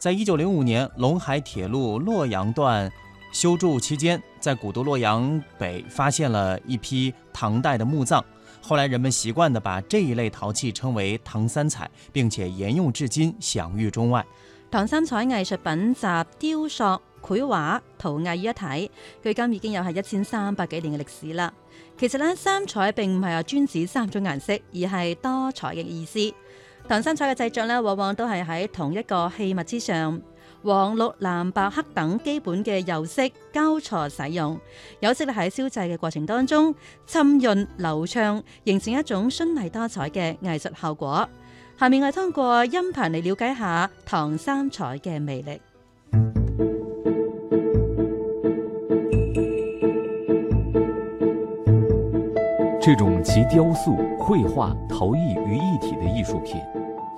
在一九零五年，隴海鐵路洛陽段修築期間，在古都洛陽北發現了一批唐代的墓葬。後來，人們習慣地把這一類陶器稱為“唐三彩”，並且沿用至今，享譽中外。唐三彩藝術品集雕塑、繪畫、陶藝於一體，距今已經有係一千三百幾年嘅歷史啦。其實呢，三彩並唔係話專指三種顏色，而係多彩嘅意思。唐三彩嘅製作呢，往往都係喺同一個器物之上，黃、綠、藍、白、黑等基本嘅釉色交錯使用，釉色喺燒製嘅過程當中浸潤流暢，形成一種絢麗多彩嘅藝術效果。下面我們通過音頻嚟了解下唐三彩嘅魅力。這種集雕塑、繪畫、陶藝於一體嘅藝術品。